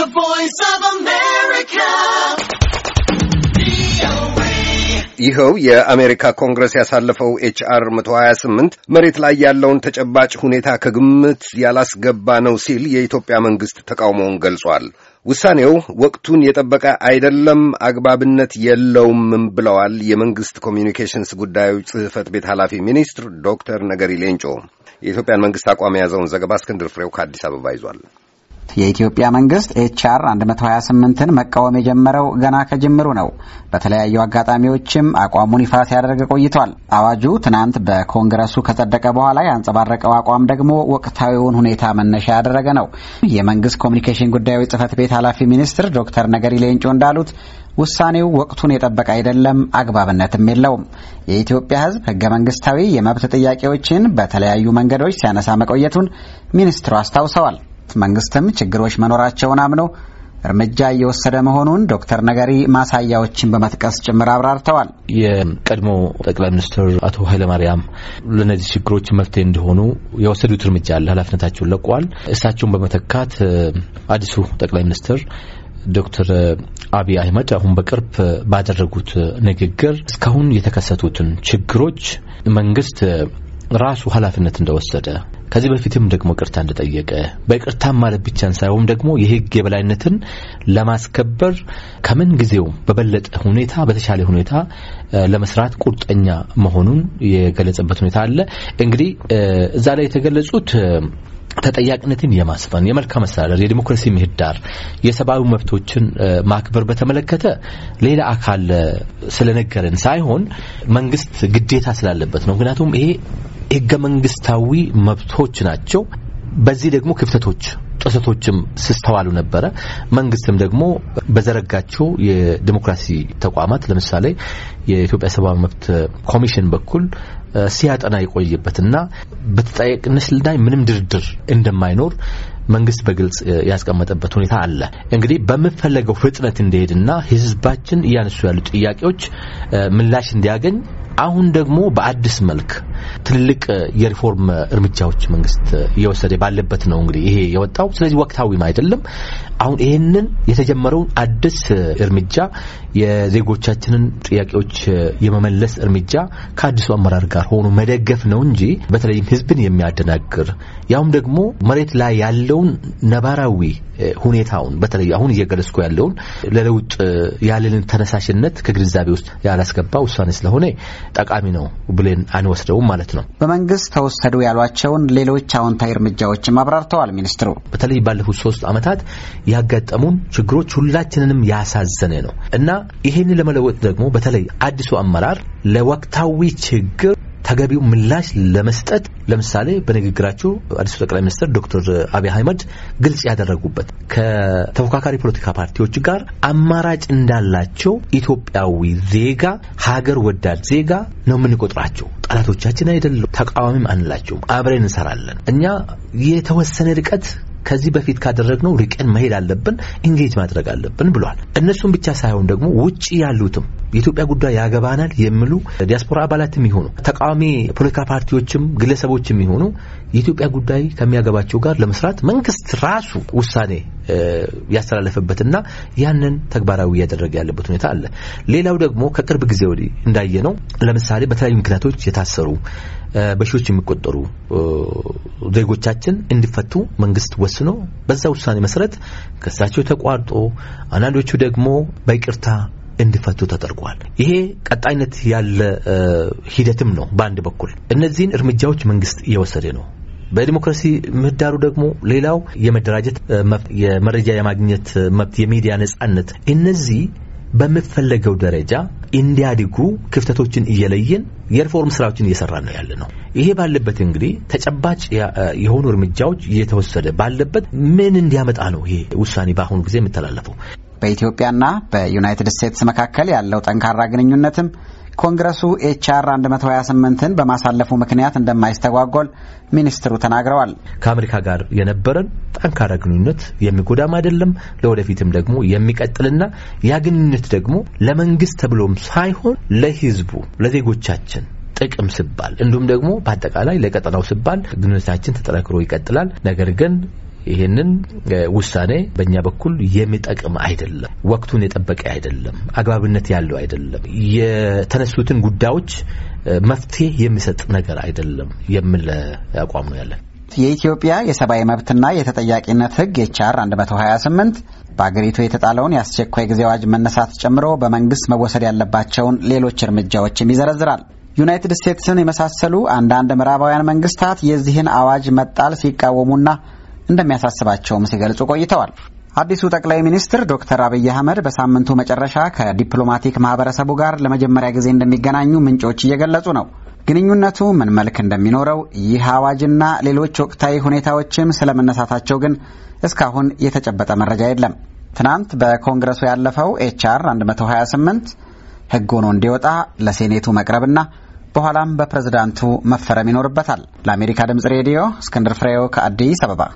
The Voice of America. ይኸው የአሜሪካ ኮንግረስ ያሳለፈው ኤች አር 128 መሬት ላይ ያለውን ተጨባጭ ሁኔታ ከግምት ያላስገባ ነው ሲል የኢትዮጵያ መንግሥት ተቃውሞውን ገልጿል። ውሳኔው ወቅቱን የጠበቀ አይደለም፣ አግባብነት የለውምም ብለዋል የመንግሥት ኮሚኒኬሽንስ ጉዳዮች ጽሕፈት ቤት ኃላፊ ሚኒስትር ዶክተር ነገሪ ሌንጮ። የኢትዮጵያን መንግሥት አቋም የያዘውን ዘገባ እስክንድር ፍሬው ከአዲስ አበባ ይዟል። የኢትዮጵያ መንግስት ኤችአር 128ን መቃወም የጀመረው ገና ከጅምሩ ነው። በተለያዩ አጋጣሚዎችም አቋሙን ይፋ ሲያደርግ ቆይቷል። አዋጁ ትናንት በኮንግረሱ ከጸደቀ በኋላ ያንጸባረቀው አቋም ደግሞ ወቅታዊውን ሁኔታ መነሻ ያደረገ ነው። የመንግስት ኮሚኒኬሽን ጉዳዮች ጽህፈት ቤት ኃላፊ ሚኒስትር ዶክተር ነገሪ ሌንጮ እንዳሉት ውሳኔው ወቅቱን የጠበቀ አይደለም፣ አግባብነትም የለውም። የኢትዮጵያ ሕዝብ ህገ መንግስታዊ የመብት ጥያቄዎችን በተለያዩ መንገዶች ሲያነሳ መቆየቱን ሚኒስትሩ አስታውሰዋል። መንግስትም ችግሮች መኖራቸውን አምነው እርምጃ እየወሰደ መሆኑን ዶክተር ነገሪ ማሳያዎችን በመጥቀስ ጭምር አብራርተዋል። የቀድሞ ጠቅላይ ሚኒስትር አቶ ኃይለማርያም ለእነዚህ ችግሮች መፍትሄ እንደሆኑ የወሰዱት እርምጃ አለ። ኃላፊነታቸውን ለቀዋል። እሳቸውን በመተካት አዲሱ ጠቅላይ ሚኒስትር ዶክተር አብይ አህመድ አሁን በቅርብ ባደረጉት ንግግር እስካሁን የተከሰቱትን ችግሮች መንግስት ራሱ ኃላፊነት እንደወሰደ ከዚህ በፊትም ደግሞ ቅርታ እንደጠየቀ በቅርታ ማለት ብቻን ሳይሆን ደግሞ የህግ የበላይነትን ለማስከበር ከምን ጊዜው በበለጠ ሁኔታ በተሻለ ሁኔታ ለመስራት ቁርጠኛ መሆኑን የገለጸበት ሁኔታ አለ። እንግዲህ እዛ ላይ የተገለጹት ተጠያቂነትን የማስፈን የመልካም አስተዳደር የዲሞክራሲ ምህዳር የሰብአዊ መብቶችን ማክበር በተመለከተ ሌላ አካል ስለነገረን ሳይሆን መንግስት ግዴታ ስላለበት ነው። ምክንያቱም ይሄ ህገ መንግስታዊ መብቶች ናቸው። በዚህ ደግሞ ክፍተቶች ጥሰቶችም ሲስተዋሉ ነበረ። መንግስትም ደግሞ በዘረጋቸው የዲሞክራሲ ተቋማት ለምሳሌ የኢትዮጵያ ሰብአዊ መብት ኮሚሽን በኩል ሲያጠና የቆየበትና በተጠያቂነት ላይ ምንም ድርድር እንደማይኖር መንግስት በግልጽ ያስቀመጠበት ሁኔታ አለ። እንግዲህ በምፈለገው ፍጥነት እንዲሄድና ህዝባችን እያነሱ ያሉ ጥያቄዎች ምላሽ እንዲያገኝ አሁን ደግሞ በአዲስ መልክ ትልልቅ የሪፎርም እርምጃዎች መንግስት እየወሰደ ባለበት ነው እንግዲህ ይሄ የወጣው። ስለዚህ ወቅታዊም አይደለም። አሁን ይህንን የተጀመረውን አዲስ እርምጃ የዜጎቻችንን ጥያቄዎች የመመለስ እርምጃ ከአዲሱ አመራር ጋር ሆኖ መደገፍ ነው እንጂ በተለይም ህዝብን የሚያደናግር ያውም ደግሞ መሬት ላይ ያለውን ነባራዊ ሁኔታውን በተለይ አሁን እየገለጽኩ ያለውን ለለውጥ ያለንን ተነሳሽነት ከግንዛቤ ውስጥ ያላስገባ ውሳኔ ስለሆነ ጠቃሚ ነው ብለን አንወስደውም ማለት ነው። በመንግስት ተወሰዱ ያሏቸውን ሌሎች አዎንታዊ እርምጃዎችም አብራርተዋል ሚኒስትሩ። በተለይ ባለፉት ሶስት ዓመታት ያጋጠሙን ችግሮች ሁላችንንም ያሳዘነ ነው እና ይህን ለመለወጥ ደግሞ በተለይ አዲሱ አመራር ለወቅታዊ ችግር ተገቢው ምላሽ ለመስጠት ለምሳሌ በንግግራቸው አዲሱ ጠቅላይ ሚኒስትር ዶክተር አብይ አህመድ ግልጽ ያደረጉበት ከተፎካካሪ ፖለቲካ ፓርቲዎች ጋር አማራጭ እንዳላቸው ኢትዮጵያዊ ዜጋ ሀገር ወዳድ ዜጋ ነው የምንቆጥራቸው። ጠላቶቻችን አይደሉም። ተቃዋሚም አንላቸውም። አብረን እንሰራለን። እኛ የተወሰነ ርቀት ከዚህ በፊት ካደረግነው ርቀን መሄድ አለብን፣ ኢንጌጅ ማድረግ አለብን ብሏል። እነሱም ብቻ ሳይሆን ደግሞ ውጭ ያሉትም የኢትዮጵያ ጉዳይ ያገባናል የሚሉ ዲያስፖራ አባላትም ይሆኑ ተቃዋሚ ፖለቲካ ፓርቲዎችም ግለሰቦችም ይሆኑ የኢትዮጵያ ጉዳይ ከሚያገባቸው ጋር ለመስራት መንግስት ራሱ ውሳኔ ያስተላለፈበትና ያንን ተግባራዊ እያደረገ ያለበት ሁኔታ አለ። ሌላው ደግሞ ከቅርብ ጊዜ ወዲህ እንዳየ ነው። ለምሳሌ በተለያዩ ምክንያቶች የታሰሩ በሺዎች የሚቆጠሩ ዜጎቻችን እንዲፈቱ መንግስት ወስኖ በዛ ውሳኔ መሰረት ክሳቸው ተቋርጦ አንዳንዶቹ ደግሞ በይቅርታ እንዲፈቱ ተደርጓል። ይሄ ቀጣይነት ያለ ሂደትም ነው። በአንድ በኩል እነዚህን እርምጃዎች መንግስት እየወሰደ ነው። በዲሞክራሲ ምህዳሩ ደግሞ ሌላው የመደራጀት መብት፣ የመረጃ የማግኘት መብት፣ የሚዲያ ነጻነት እነዚህ በሚፈለገው ደረጃ እንዲያድጉ ክፍተቶችን እየለየን የሪፎርም ስራዎችን እየሰራ ነው ያለ ነው። ይሄ ባለበት እንግዲህ ተጨባጭ የሆኑ እርምጃዎች እየተወሰደ ባለበት ምን እንዲያመጣ ነው ይሄ ውሳኔ በአሁኑ ጊዜ የምተላለፈው። በኢትዮጵያና በዩናይትድ ስቴትስ መካከል ያለው ጠንካራ ግንኙነትም ኮንግረሱ ኤችአር 128ን በማሳለፉ ምክንያት እንደማይስተጓጎል ሚኒስትሩ ተናግረዋል። ከአሜሪካ ጋር የነበረን ጠንካራ ግንኙነት የሚጎዳም አይደለም፣ ለወደፊትም ደግሞ የሚቀጥልና ያ ግንኙነት ደግሞ ለመንግስት ተብሎም ሳይሆን ለህዝቡ ለዜጎቻችን ጥቅም ስባል እንዲሁም ደግሞ በአጠቃላይ ለቀጠናው ስባል ግንኙነታችን ተጠናክሮ ይቀጥላል። ነገር ግን ይህንን ውሳኔ በእኛ በኩል የሚጠቅም አይደለም፣ ወቅቱን የጠበቀ አይደለም፣ አግባብነት ያለው አይደለም፣ የተነሱትን ጉዳዮች መፍትሄ የሚሰጥ ነገር አይደለም የሚል አቋም ነው ያለን። የኢትዮጵያ የሰብአዊ መብትና የተጠያቂነት ሕግ ኤችአር 128 በአገሪቱ የተጣለውን የአስቸኳይ ጊዜ አዋጅ መነሳት ጨምሮ በመንግስት መወሰድ ያለባቸውን ሌሎች እርምጃዎችም ይዘረዝራል። ዩናይትድ ስቴትስን የመሳሰሉ አንዳንድ ምዕራባውያን መንግስታት የዚህን አዋጅ መጣል ሲቃወሙና እንደሚያሳስባቸውም ሲገልጹ ቆይተዋል። አዲሱ ጠቅላይ ሚኒስትር ዶክተር አብይ አህመድ በሳምንቱ መጨረሻ ከዲፕሎማቲክ ማህበረሰቡ ጋር ለመጀመሪያ ጊዜ እንደሚገናኙ ምንጮች እየገለጹ ነው። ግንኙነቱ ምን መልክ እንደሚኖረው ይህ አዋጅና ሌሎች ወቅታዊ ሁኔታዎችም ስለመነሳታቸው ግን እስካሁን የተጨበጠ መረጃ የለም። ትናንት በኮንግረሱ ያለፈው ኤችአር 128 ህግ ሆኖ እንዲወጣ ለሴኔቱ መቅረብና በኋላም በፕሬዝዳንቱ መፈረም ይኖርበታል። ለአሜሪካ ድምጽ ሬዲዮ እስክንድር ፍሬው ከአዲስ አበባ